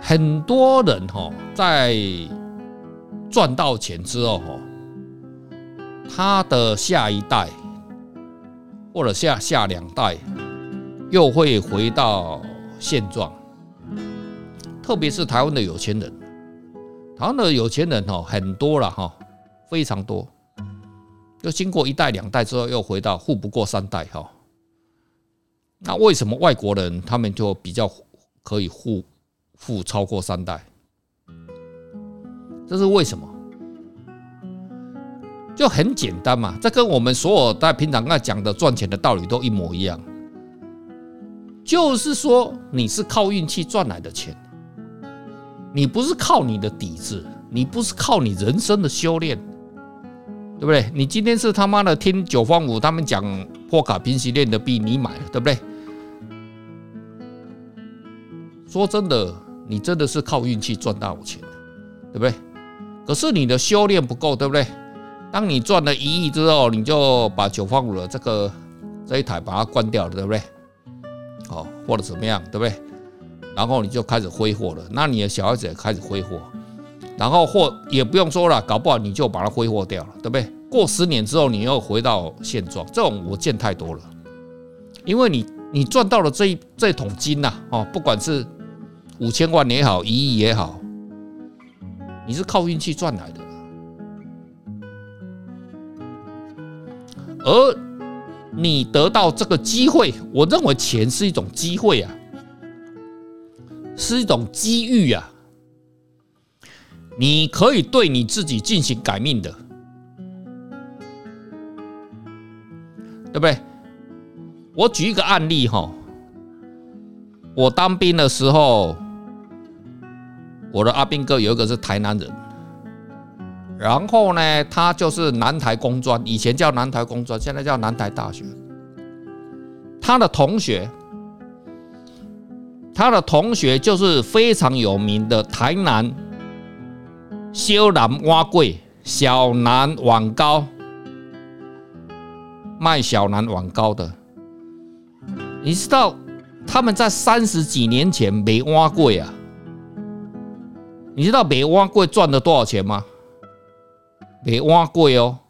很多人哈，在賺到錢之後哈，他的下一代或者下下兩代又會回到現狀，特別是台灣的有錢人，台灣的有錢人哈很多了哈，非常多，又經過一代兩代之後又回到富不過三代哈。那為什麼外國人他們就比較可以富？富超過三代，這是為什麼？就很簡單嘛，這跟我們所有在平常那講的賺錢的道理都一模一樣，就是說你是靠運氣賺來的錢，你不是靠你的底子，你不是靠你人生的修煉，對不對？你今天是他媽的聽久方武他們講破卡平時練的幣你買了，對不對？說真的。你真的是靠運氣賺大錢，對不對？可是你的修煉不夠，對不對？當你賺了一億之後，你就把久方武的這個這一台把它關掉了，對不對？哦，或者怎麼樣，對不對？然後你就開始揮霍了，那你的小孩子也開始揮霍，然後或也不用說了，搞不好你就把它揮霍掉了，對不對？過十年之後，你又回到現狀，這種我見太多了，因為你你賺到了這一這桶金吶、啊，哦，不管是。五千萬也好，一億也好，你是靠運氣賺來的。而你得到這個機會，我認為錢是一種機會啊，是一種機遇啊，你可以對你自己進行改命的，對不對？我舉一個案例哈，我當兵的時候。我的阿兵哥有一個是台南人，然後呢，他就是南台工專，以前叫南台工專，現在叫南台大學。他的同學，他的同學就是非常有名的台南小南碗粿、小南碗粿，賣小南碗粿的。你知道他們在三十幾年前沒碗粿啊？你知道賣碗粿賺了多少錢嗎？賣碗粿哦，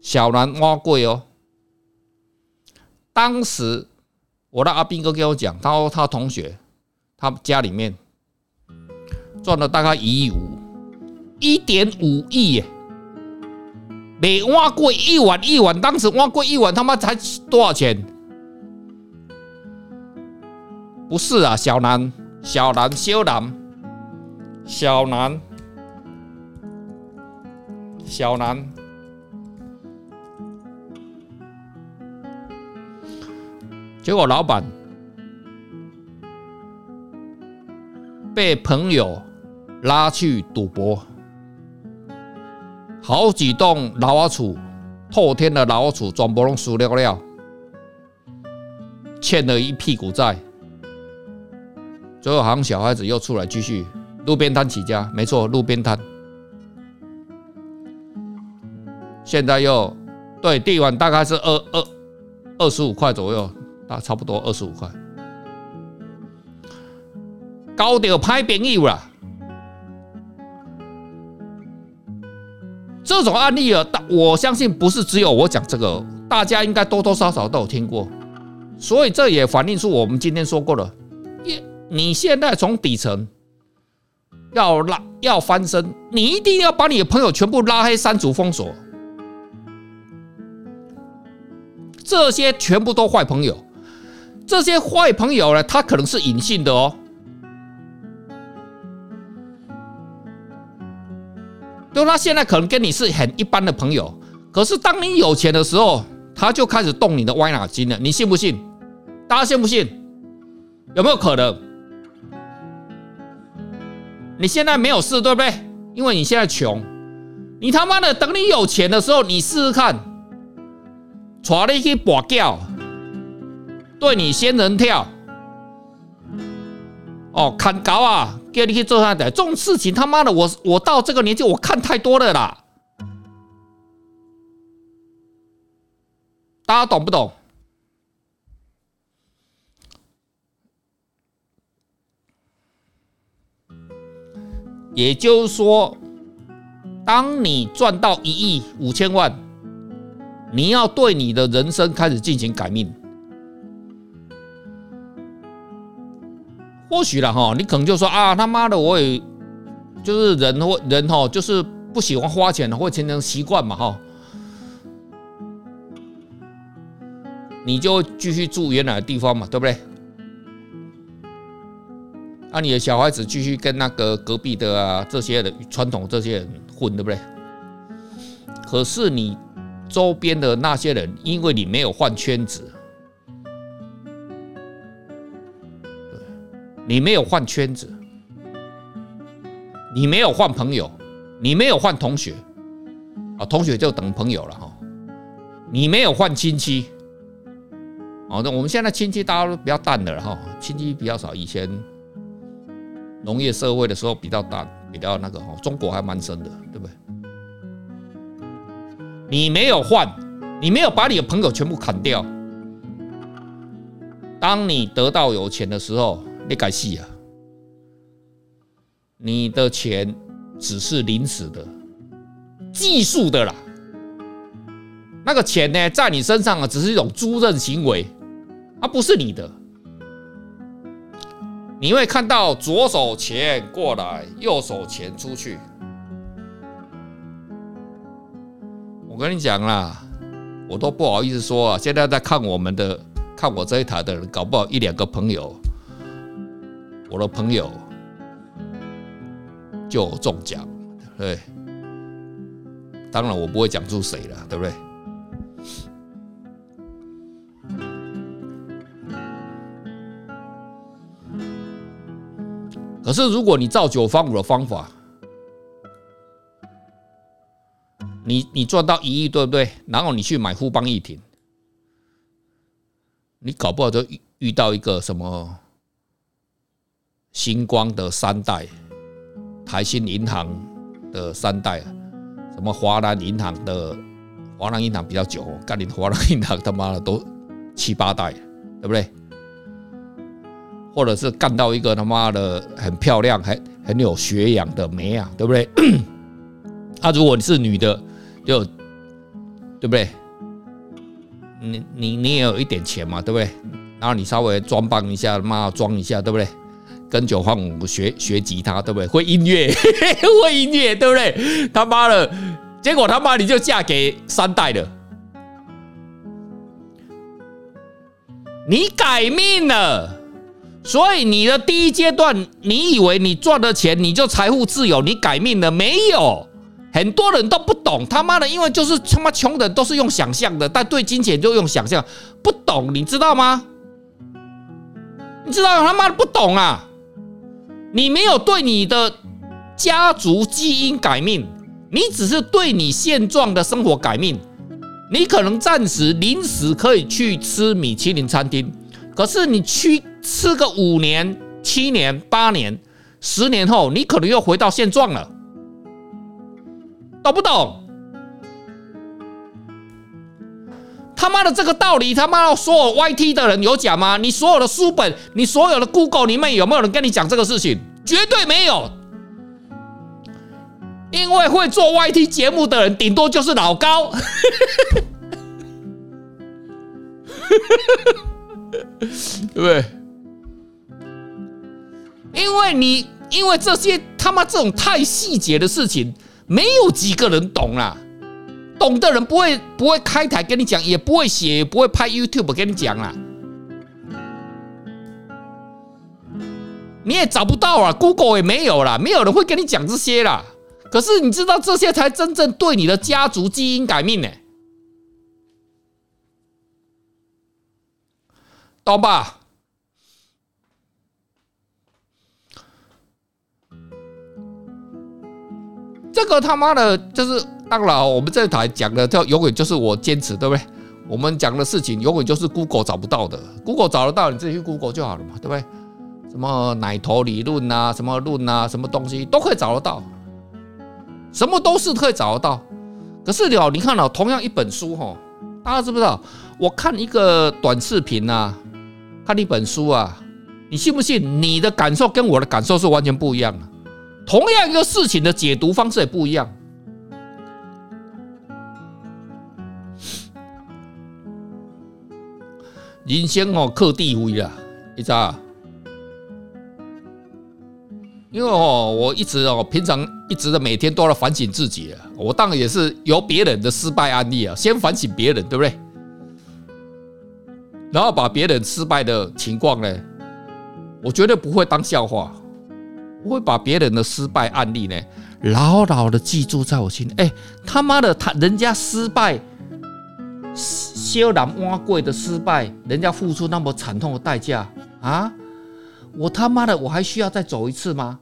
小南碗粿哦。當時我讓阿斌哥給我講，他說他同學他家裡面賺了大概一億五，一點五億耶。賣碗粿一碗一碗，當時碗粿一碗，他媽才多少錢？不是啊，小南。小南、小南、小南、小南，結果老闆被朋友拉去賭博，好幾棟老厝、透天的老厝，全部攏輸掉了，欠了一屁股債。最後，好像小孩子又出來繼續路邊攤起家，沒錯，路邊攤。現在又對，地碗大概是二二二十五塊左右，大差不多二十五塊。高點拍便宜了，這種案例啊，大，我相信不是只有我講這個，大家應該多多少少都有聽過。所以這也反映出我們今天說過了。你現在從底層要拉要翻身，你一定要把你的朋友全部拉黑、刪除、封鎖。這些全部都壞朋友，這些壞朋友呢，他可能是隱性的哦。就他現在可能跟你是很一般的朋友，可是當你有錢的時候，他就開始動你的歪腦筋了。你信不信？大家信不信？有沒有可能？你現在沒有事，對不對？因為你現在窮，你他媽的等你有錢的時候，你試試看，抓你去綁票，對你仙人跳，哦砍高啊，給你去做下的，這種事情他媽的，我我到這個年紀，我看太多了啦，大家懂不懂？也就是說，當你賺到一億五千萬，你要對你的人生開始進行改命。或許了哈，你可能就說啊，他媽的，我也就是人或人哈，就是不喜歡花錢會或形成習慣嘛哈，你就繼續住原來的地方嘛，對不對？啊，你的小孩子繼續跟那個隔壁的啊，這些人傳統這些人混，對不對？可是你周邊的那些人，因為你沒有換圈子，對，你沒有換圈子，你沒有換朋友，你沒有換同學啊，同學就等朋友了哈。你沒有換親戚，哦，那我們現在親戚大家都比較淡了哈，親戚比較少，以前。農業社會的時候比較大，比較那個哈，中國還蠻深的，對不對？你沒有換，你沒有把你的朋友全部砍掉。當你得到有錢的時候，你該信啊！你的錢只是臨時的、技術的啦。那個錢呢，在你身上啊，只是一種租賃行為，它不是你的。你會看到左手錢過來，右手錢出去。我跟你講啦，我都不好意思說啊。現在在看我們的，看我這一台的人，搞不好一兩個朋友，我的朋友就中獎，對，對。當然我不會講出誰了，對不對？可是，如果你照久方武的方法，你你賺到一億，對不對？然後你去買富邦一停，你搞不好就遇遇到一個什麼新光的三代、台新銀行的三代、什麼華南銀行的，華南銀行比較久，幹你華南銀行他媽的都七八代，對不對？或者是幹到一個他媽的很漂亮、很很有學養的妹啊，對不對？他、 啊、如果你是女的，就對不對？你你你也有一點錢嘛，對不對？然後你稍微裝扮一下，媽裝一下，對不對？跟久方武學學吉他，對不對？會音樂， 會音樂，對不對？他媽的，結果他媽你就嫁給三代的，你改命了。所以你的第一階段，你以為你賺了錢你就財富自由，你改命了沒有？很多人都不懂，他媽的，因為就是他媽窮的人都是用想象的，但對金錢就用想象，不懂，你知道嗎？你知道他媽的不懂啊！你沒有對你的家族基因改命，你只是對你現狀的生活改命，你可能暫時臨時可以去吃米其林餐廳，可是你去。吃個五年、七年、八年、十年後，你可能又回到現狀了，懂不懂？他媽的這個道理，他媽的所有 YT 的人有講嗎？你所有的書本，你所有的 Google 裡面有沒有人跟你講這個事情？絕對沒有，因為會做 YT 節目的人，頂多就是老高， 對不對？因為你，因為這些他媽這種太細節的事情，沒有幾個人懂啦。懂的人不會不會開台跟你講，也不會寫，也不會拍 YouTube 跟你講啊。你也找不到啊，Google 也沒有啦，沒有人會跟你講這些啦。可是你知道這些才真正對你的家族基因改命呢、欸。懂吧？這個他媽的，就是當然，我們這台講的都永遠就是我堅持，對不對？我們講的事情永遠就是 Google 找不到的，Google 找得到，你自己去 Google 就好了嘛，對不對？什麼奶頭理論啊，什麼論啊，什麼東西都可以找得到，什麼都是可以找得到。可是你，你看到同樣一本書哈，大家知不知道？我看一個短視頻啊，看一本書啊，你信不信？你的感受跟我的感受是完全不一樣的。同樣一個事情的解讀方式也不一樣。人生哦，克地啊，你知啊。因為哦，我一直哦，平常一直的每天都在反省自己啊。我當然也是由別人的失敗案例啊，先反省別人，對不對？然後把別人失敗的情況呢，我絕對不會當笑話。我會把別人的失敗案例呢，牢牢的記住在我心裡。哎、欸，他媽的，他人家失敗，修南挖貴的失敗，人家付出那麼慘痛的代價啊！我他媽的，我還需要再走一次嗎？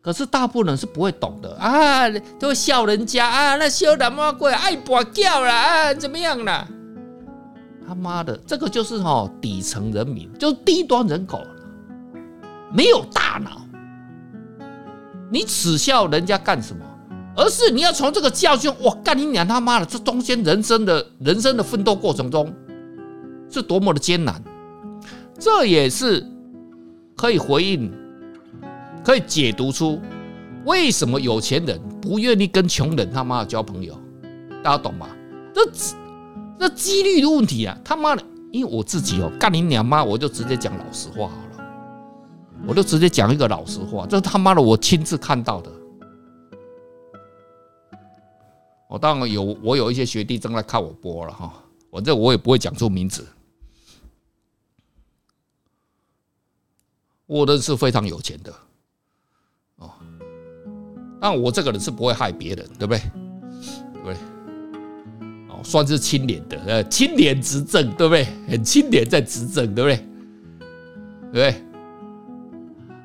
可是大部分人是不會懂的啊，都會笑人家啊，那修南挖貴愛跋腳了啊，怎麼樣了？他媽的，這個就是哦，底層人民，就是低端人口，沒有大腦。你恥笑人家幹什麼？而是你要從這個教訓，我幹你娘他媽的！這中間人生的人生的奮鬥過程中，是多麼的艱難，這也是可以回應、可以解讀出為什麼有錢人不願意跟窮人他媽的交朋友。大家懂嗎？這這幾率的問題啊，他媽的！因為我自己哦，幹你娘媽，我就直接講老實話。我就直接講一個老實話，這是他媽的我親自看到的。我當然有，我有一些學弟正在看我播了哈。反正我也不會講出名字。我的是非常有錢的，哦。但我這個人是不會害別人，對不對？對。哦，算是清廉的，呃，清廉執政，對不對？很清廉在執政，對不對？對不對？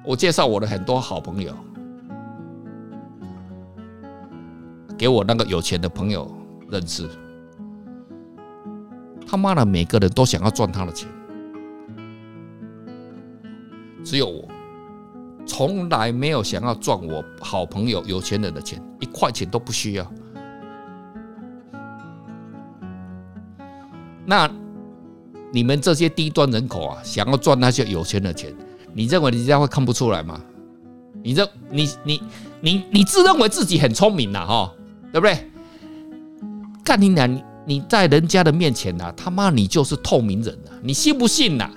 我介紹我的很多好朋友，給我那個有錢的朋友認識。他媽的，每個人都想要賺他的錢，只有我從來沒有想要賺我好朋友有錢人的錢，一塊錢都不需要。那你們這些低端人口啊，想要賺那些有錢的錢。你認為人家會看不出來嗎？你認你你你你自認為自己很聰明吶，哈，對不對？看你倆，你你在人家的面前吶、啊，他媽你就是透明人呐、啊，你信不信吶、啊？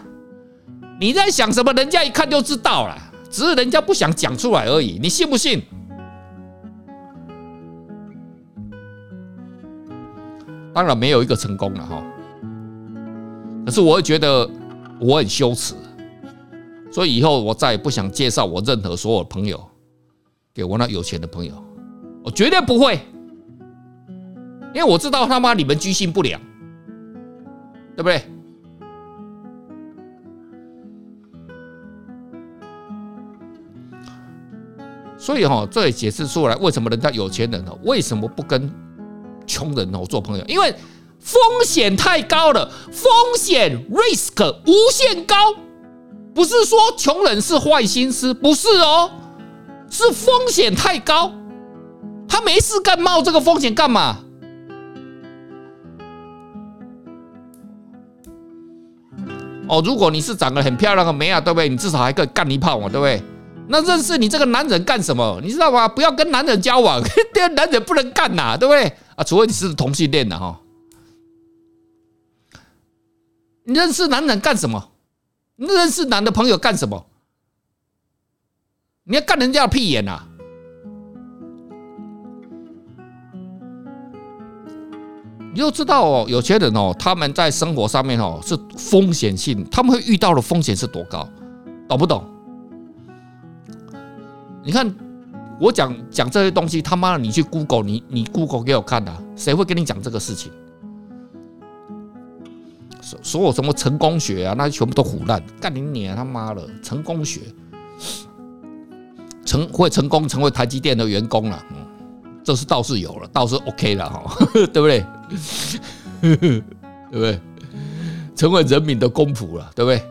你在想什麼，人家一看就知道了，只是人家不想講出來而已，你信不信？當然沒有一個成功了哈，可是我會覺得我很羞恥。所以以後我再也不想介紹我任何所有的朋友給我那有錢的朋友，我絕對不會，因為我知道他媽你們居心不良，對不對？所以哈，這也解釋出來為什麼人家有錢人呢為什麼不跟窮人呢做朋友？因為風險太高了，風險 risk 無限高。不是說窮人是壞心思，不是哦，是風險太高，他沒事幹冒這個風險幹嘛？哦，如果你是長得很漂亮的美雅、啊，對不對？你至少還可以幹一炮嘛，對不對？那認識你這個男人幹什麼？你知道嗎？不要跟男人交往， 跟男人不能幹吶、啊，對不對？啊，除非你是同性戀的哈，你認識男人幹什麼？那認識男的朋友幹什麼？你要幹人家的屁眼吶？你就知道哦，有些人哦，他們在生活上面哦是風險性，他們會遇到的風險是多高，懂不懂？你看我講講這些東西，他媽的，你去 Google，你你 Google 給我看的啊，誰會跟你講這個事情？所有什麼成功學啊，那全部都唬爛。幹你娘他媽的！成功學成，成會成功成為台積電的員工了，啊嗯，這是倒是有了，倒是 OK 了哈，對不對？ 對不對？成為人民的公僕了，啊，對不對？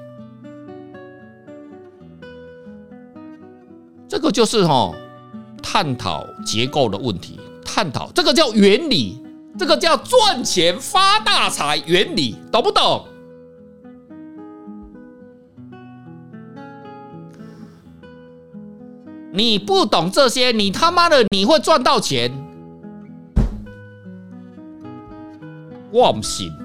這個就是哈，探討結構的問題，探討這個叫原理。這個叫賺錢發大財原理，懂不懂？你不懂這些，你他媽的你會賺到錢？我不信。